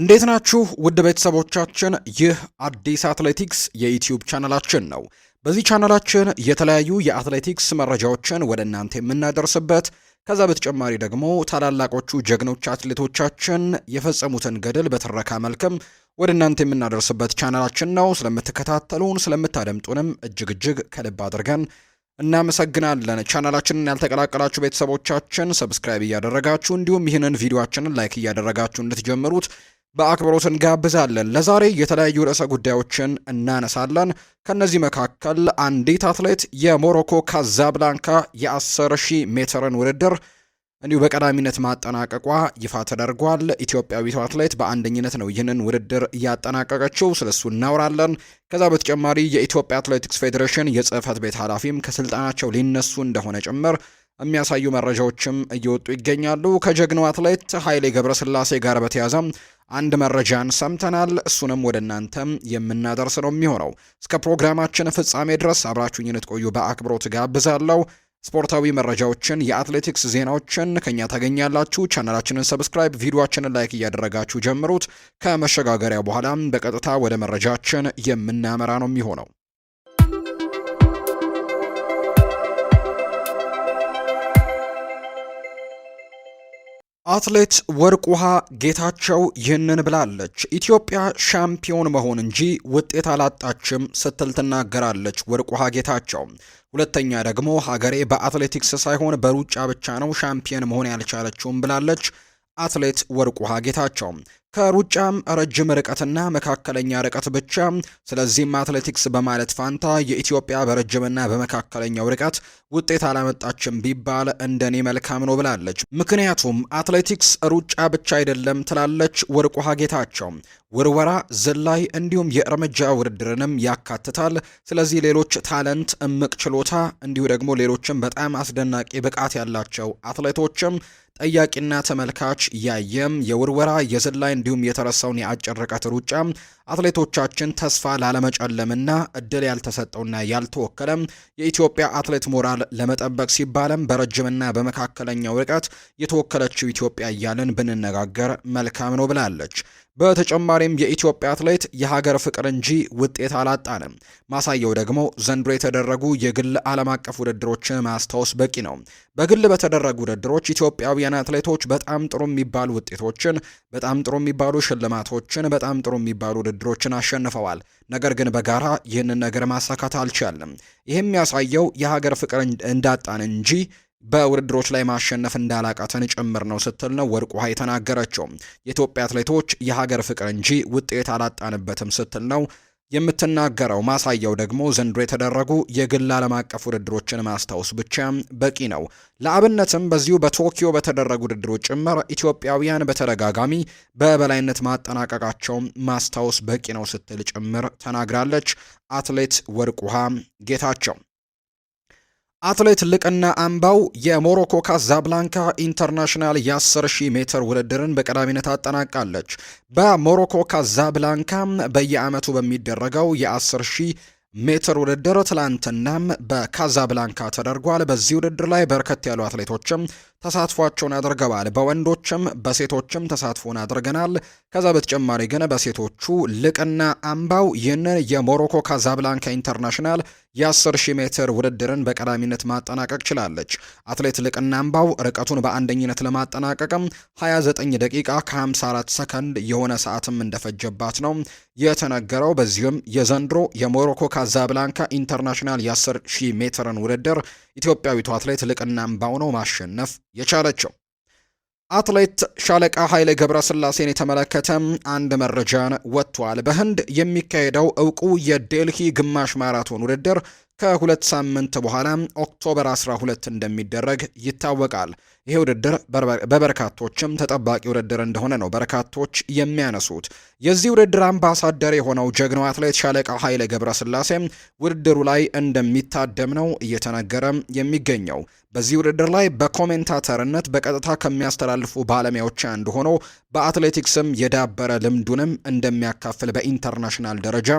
እንዴት ናችሁ ውድ ቤተሰቦቻችን? ይህ አዲስ አትሌቲክስ የዩትዩብ ቻናላችን ነው። በዚህ ቻናላችን የተለያዩ የአትሌቲክስ መረጃዎችን ወደ እናንተ የምናደርስበት ከዛ በተጨማሪ ደግሞ ታላላቆቹ ጀግኖች አትሌቶቻችን የፈጸሙትን ገድል በትረካ መልክም ወደ እናንተ የምናደርስበት ቻናላችን ነው። ስለምትከታተሉን ስለምታደምጡንም እጅግ እጅግ ከልብ አድርገን እናመሰግናለን። ቻናላችንን ያልተቀላቀላችሁ ቤተሰቦቻችን ሰብስክራይብ እያደረጋችሁ እንዲሁም ይህንን ቪዲዮችንን ላይክ እያደረጋችሁ እንድትጀምሩት በአክብሮት እንጋብዛለን። ለዛሬ የተለያዩ ርዕሰ ጉዳዮችን እናነሳለን። ከነዚህ መካከል አንዲት አትሌት የሞሮኮ ካዛብላንካ የ10 ሺህ ሜትርን ውድድር እንዲሁ በቀዳሚነት ማጠናቀቋ ይፋ ተደርጓል። ኢትዮጵያዊቷ አትሌት በአንደኝነት ነው ይህንን ውድድር እያጠናቀቀችው፣ ስለሱ እናወራለን። ከዛ በተጨማሪ የኢትዮጵያ አትሌቲክስ ፌዴሬሽን የጽህፈት ቤት ኃላፊም ከስልጣናቸው ሊነሱ እንደሆነ ጭምር የሚያሳዩ መረጃዎችም እየወጡ ይገኛሉ። ከጀግናው አትሌት ኃይሌ ገብረስላሴ ጋር በተያዘ አንድ መረጃን ሰምተናል። እሱንም ወደ እናንተም የምናደርስ ነው የሚሆነው። እስከ ፕሮግራማችን ፍጻሜ ድረስ አብራችሁኝ እንድትቆዩ በአክብሮት ጋብዛለሁ። ስፖርታዊ መረጃዎችን፣ የአትሌቲክስ ዜናዎችን ከኛ ታገኛላችሁ። ቻናላችንን ሰብስክራይብ፣ ቪዲዮችንን ላይክ እያደረጋችሁ ጀምሩት። ከመሸጋገሪያ በኋላም በቀጥታ ወደ መረጃችን የምናመራ ነው የሚሆነው አትሌት ወርቅ ውሃ ጌታቸው ይህንን ብላለች። ኢትዮጵያ ሻምፒዮን መሆን እንጂ ውጤት አላጣችም ስትል ትናገራለች ወርቅ ውሃ ጌታቸው። ሁለተኛ ደግሞ ሀገሬ በአትሌቲክስ ሳይሆን በሩጫ ብቻ ነው ሻምፒዮን መሆን ያልቻለችውም ብላለች አትሌት ወርቅ ውሃ ጌታቸው። ከሩጫም ረጅም ርቀትና መካከለኛ ርቀት ብቻ። ስለዚህም አትሌቲክስ በማለት ፋንታ የኢትዮጵያ በረጅምና በመካከለኛው ርቀት ውጤት አላመጣችም ቢባል እንደኔ መልካም ነው ብላለች። ምክንያቱም አትሌቲክስ ሩጫ ብቻ አይደለም ትላለች ወርቁ ሀጌታቸው። ውርወራ፣ ዝላይ እንዲሁም የእርምጃ ውድድርንም ያካትታል። ስለዚህ ሌሎች ታለንት፣ እምቅ ችሎታ እንዲሁ ደግሞ ሌሎችም በጣም አስደናቂ ብቃት ያላቸው አትሌቶችም ጠያቂና ተመልካች ያየም የውርወራ የዝላይ እንዲሁም የተረሳውን የአጭር ርቀት ሩጫ አትሌቶቻችን ተስፋ ላለመጨለምና እድል ያልተሰጠውና ያልተወከለም የኢትዮጵያ አትሌት ሞራል ለመጠበቅ ሲባለም በረጅምና በመካከለኛው ርቀት የተወከለችው ኢትዮጵያ እያልን ብንነጋገር መልካም ነው ብላለች። በተጨማሪም የኢትዮጵያ አትሌት የሀገር ፍቅር እንጂ ውጤት አላጣንም። ማሳየው ደግሞ ዘንድሮ የተደረጉ የግል ዓለም አቀፍ ውድድሮችን ማስታወስ በቂ ነው። በግል በተደረጉ ውድድሮች ኢትዮጵያውያን አትሌቶች በጣም ጥሩ የሚባሉ ውጤቶችን፣ በጣም ጥሩ የሚባሉ ሽልማቶችን፣ በጣም ጥሩ የሚባሉ ውድድሮችን አሸንፈዋል። ነገር ግን በጋራ ይህንን ነገር ማሳካት አልቻለም። ይህም ያሳየው የሀገር ፍቅር እንዳጣን እንጂ በውድድሮች ላይ ማሸነፍ እንዳላቃተን ጭምር ነው ስትል ነው ወርቁ ውሃ የተናገረችው። የኢትዮጵያ አትሌቶች የሀገር ፍቅር እንጂ ውጤት አላጣንበትም ስትል ነው የምትናገረው። ማሳያው ደግሞ ዘንድሮ የተደረጉ የግል ዓለም አቀፍ ውድድሮችን ማስታወስ ብቻ በቂ ነው። ለአብነትም በዚሁ በቶኪዮ በተደረጉ ውድድሮች ጭምር ኢትዮጵያውያን በተደጋጋሚ በበላይነት ማጠናቀቃቸው ማስታወስ በቂ ነው ስትል ጭምር ተናግራለች አትሌት ወርቅ ውሃ ጌታቸው። አትሌት ልቅና አምባው የሞሮኮ ካዛብላንካ ኢንተርናሽናል የ10000 ሜትር ውድድርን በቀዳሚነት አጠናቃለች። በሞሮኮ ካዛብላንካ በየዓመቱ በሚደረገው የ10000 ሜትር ውድድር ትላንትናም በካዛብላንካ ተደርጓል። በዚህ ውድድር ላይ በርከት ያሉ አትሌቶችም ተሳትፏቸውን አድርገዋል። በወንዶችም በሴቶችም ተሳትፎን አድርገናል። ከዛ በተጨማሪ ግን በሴቶቹ ልቅና አምባው ይህንን የሞሮኮ ካዛብላንካ ኢንተርናሽናል የ10 ሺህ ሜትር ውድድርን በቀዳሚነት ማጠናቀቅ ችላለች። አትሌት ልቅና አምባው ርቀቱን በአንደኝነት ለማጠናቀቅም 29 ደቂቃ ከ54 ሰከንድ የሆነ ሰዓትም እንደፈጀባት ነው የተነገረው። በዚሁም የዘንድሮ የሞሮኮ ካዛብላንካ ኢንተርናሽናል የ10 ሺህ ሜትርን ውድድር ኢትዮጵያዊቱ አትሌት ልቅና አምባው ነው ማሸነፍ የቻለችው። አትሌት ሻለቃ ኃይሌ ገብረስላሴን የተመለከተ አንድ መረጃን ወጥቷል። በህንድ የሚካሄደው እውቁ የዴልሂ ግማሽ ማራቶን ውድድር ከሁለት ሳምንት በኋላ ኦክቶበር 12 እንደሚደረግ ይታወቃል። ይህ ውድድር በበርካቶችም ተጠባቂ ውድድር እንደሆነ ነው በርካቶች የሚያነሱት። የዚህ ውድድር አምባሳደር የሆነው ጀግናው አትሌት ሻለቃ ኃይሌ ገብረስላሴ ውድድሩ ላይ እንደሚታደም ነው እየተነገረ የሚገኘው። በዚህ ውድድር ላይ በኮሜንታተርነት በቀጥታ ከሚያስተላልፉ ባለሙያዎች አንዱ ሆኖ በአትሌቲክስም የዳበረ ልምዱንም እንደሚያካፍል በኢንተርናሽናል ደረጃ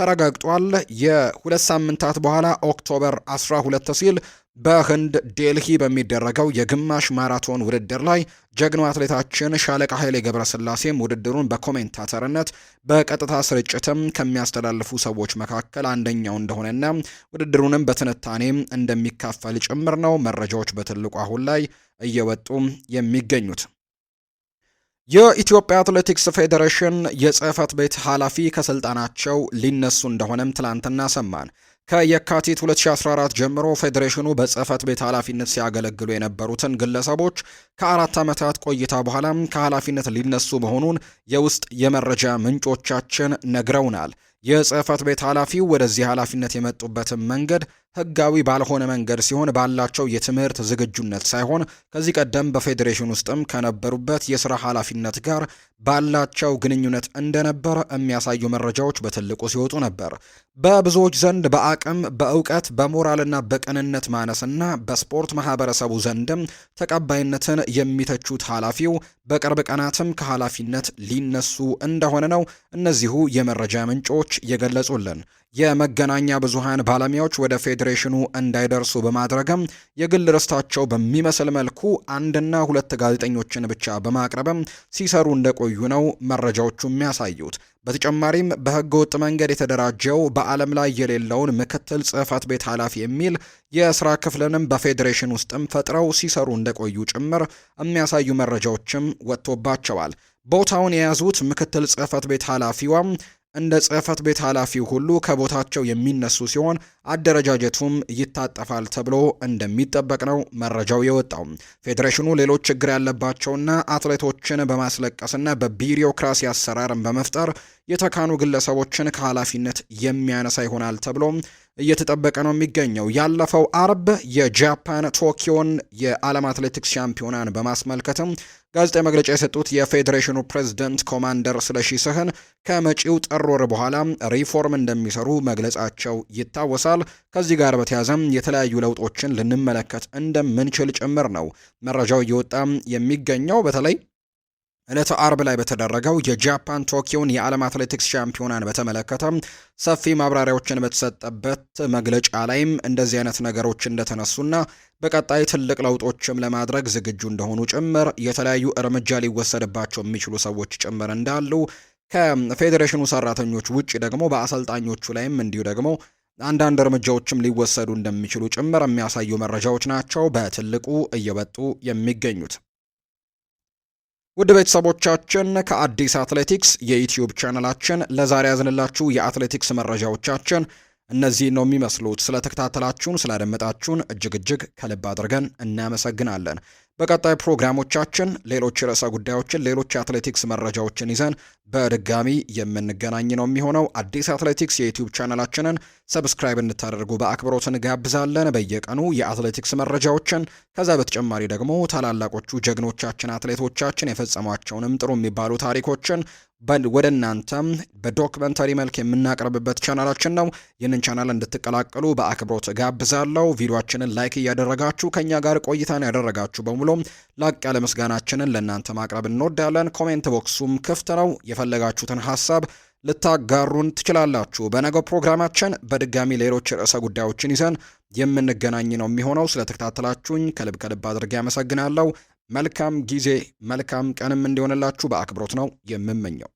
ተረጋግጧል። የሁለት ሳምንታት በኋላ ኦክቶበር 12 ሲል በህንድ ዴልሂ በሚደረገው የግማሽ ማራቶን ውድድር ላይ ጀግኖ አትሌታችን ሻለቃ ኃይሌ ገብረስላሴም ውድድሩን በኮሜንታተርነት በቀጥታ ስርጭትም ከሚያስተላልፉ ሰዎች መካከል አንደኛው እንደሆነና ውድድሩንም በትንታኔም እንደሚካፈል ጭምር ነው መረጃዎች በትልቁ አሁን ላይ እየወጡ የሚገኙት። የኢትዮጵያ አትሌቲክስ ፌዴሬሽን የጽህፈት ቤት ኃላፊ ከስልጣናቸው ሊነሱ እንደሆነም ትላንትና ሰማን። ከየካቲት 2014 ጀምሮ ፌዴሬሽኑ በጽህፈት ቤት ኃላፊነት ሲያገለግሉ የነበሩትን ግለሰቦች ከአራት ዓመታት ቆይታ በኋላም ከኃላፊነት ሊነሱ መሆኑን የውስጥ የመረጃ ምንጮቻችን ነግረውናል። የጽህፈት ቤት ኃላፊው ወደዚህ ኃላፊነት የመጡበትን መንገድ ህጋዊ ባልሆነ መንገድ ሲሆን ባላቸው የትምህርት ዝግጁነት ሳይሆን ከዚህ ቀደም በፌዴሬሽን ውስጥም ከነበሩበት የስራ ኃላፊነት ጋር ባላቸው ግንኙነት እንደነበር የሚያሳዩ መረጃዎች በትልቁ ሲወጡ ነበር። በብዙዎች ዘንድ በአቅም፣ በእውቀት፣ በሞራልና በቅንነት ማነስና በስፖርት ማህበረሰቡ ዘንድም ተቀባይነትን የሚተቹት ኃላፊው በቅርብ ቀናትም ከኃላፊነት ሊነሱ እንደሆነ ነው እነዚሁ የመረጃ ምንጮች ምንጮች የገለጹልን የመገናኛ ብዙሃን ባለሙያዎች ወደ ፌዴሬሽኑ እንዳይደርሱ በማድረግም የግል ርስታቸው በሚመስል መልኩ አንድና ሁለት ጋዜጠኞችን ብቻ በማቅረብም ሲሰሩ እንደቆዩ ነው መረጃዎቹ የሚያሳዩት። በተጨማሪም በህገ ወጥ መንገድ የተደራጀው በዓለም ላይ የሌለውን ምክትል ጽህፈት ቤት ኃላፊ የሚል የስራ ክፍልንም በፌዴሬሽን ውስጥም ፈጥረው ሲሰሩ እንደቆዩ ጭምር የሚያሳዩ መረጃዎችም ወጥቶባቸዋል። ቦታውን የያዙት ምክትል ጽህፈት ቤት ኃላፊዋም እንደ ጽህፈት ቤት ኃላፊው ሁሉ ከቦታቸው የሚነሱ ሲሆን አደረጃጀቱም ይታጠፋል ተብሎ እንደሚጠበቅ ነው መረጃው የወጣው። ፌዴሬሽኑ ሌሎች ችግር ያለባቸውና አትሌቶችን በማስለቀስና በቢሮክራሲ አሰራርን በመፍጠር የተካኑ ግለሰቦችን ከኃላፊነት የሚያነሳ ይሆናል ተብሎ እየተጠበቀ ነው የሚገኘው። ያለፈው አርብ የጃፓን ቶኪዮን የዓለም አትሌቲክስ ሻምፒዮናን በማስመልከትም ጋዜጣዊ መግለጫ የሰጡት የፌዴሬሽኑ ፕሬዝደንት ኮማንደር ስለሺ ስህን ከመጪው ጥር ወር በኋላ ሪፎርም እንደሚሰሩ መግለጻቸው ይታወሳል። ከዚህ ጋር በተያያዘም የተለያዩ ለውጦችን ልንመለከት እንደምንችል ጭምር ነው መረጃው እየወጣ የሚገኘው በተለይ ዕለተ አርብ ላይ በተደረገው የጃፓን ቶኪዮን የዓለም አትሌቲክስ ሻምፒዮናን በተመለከተ ሰፊ ማብራሪያዎችን በተሰጠበት መግለጫ ላይም እንደዚህ አይነት ነገሮች እንደተነሱና በቀጣይ ትልቅ ለውጦችም ለማድረግ ዝግጁ እንደሆኑ ጭምር የተለያዩ እርምጃ ሊወሰድባቸው የሚችሉ ሰዎች ጭምር እንዳሉ ከፌዴሬሽኑ ሰራተኞች ውጭ ደግሞ በአሰልጣኞቹ ላይም እንዲሁ ደግሞ አንዳንድ እርምጃዎችም ሊወሰዱ እንደሚችሉ ጭምር የሚያሳዩ መረጃዎች ናቸው በትልቁ እየበጡ የሚገኙት። ውድ ቤተሰቦቻችን ከአዲስ አትሌቲክስ የዩትዩብ ቻነላችን ለዛሬ ያዝንላችሁ የአትሌቲክስ መረጃዎቻችን እነዚህ ነው የሚመስሉት። ስለተከታተላችሁን ስላደመጣችሁን እጅግ እጅግ ከልብ አድርገን እናመሰግናለን። በቀጣይ ፕሮግራሞቻችን ሌሎች ርዕሰ ጉዳዮችን፣ ሌሎች የአትሌቲክስ መረጃዎችን ይዘን በድጋሚ የምንገናኝ ነው የሚሆነው። አዲስ አትሌቲክስ የዩትዩብ ቻናላችንን ሰብስክራይብ እንድታደርጉ በአክብሮት እንጋብዛለን። በየቀኑ የአትሌቲክስ መረጃዎችን ከዛ በተጨማሪ ደግሞ ታላላቆቹ ጀግኖቻችን አትሌቶቻችን የፈጸሟቸውንም ጥሩ የሚባሉ ታሪኮችን ወደ እናንተም በዶክመንታሪ መልክ የምናቀርብበት ቻናላችን ነው። ይህንን ቻናል እንድትቀላቀሉ በአክብሮት ጋብዛለሁ። ቪዲዮችንን ላይክ እያደረጋችሁ ከእኛ ጋር ቆይታን ያደረጋችሁ በሙሉ ላቅ ያለ ምስጋናችንን ለእናንተ ማቅረብ እንወዳለን። ኮሜንት ቦክሱም ክፍት ነው። የፈለጋችሁትን ሀሳብ ልታጋሩን ትችላላችሁ። በነገው ፕሮግራማችን በድጋሚ ሌሎች ርዕሰ ጉዳዮችን ይዘን የምንገናኝ ነው የሚሆነው። ስለተከታተላችሁኝ ከልብ ከልብ አድርጌ አመሰግናለሁ። መልካም ጊዜ መልካም ቀንም እንዲሆንላችሁ በአክብሮት ነው የምመኘው።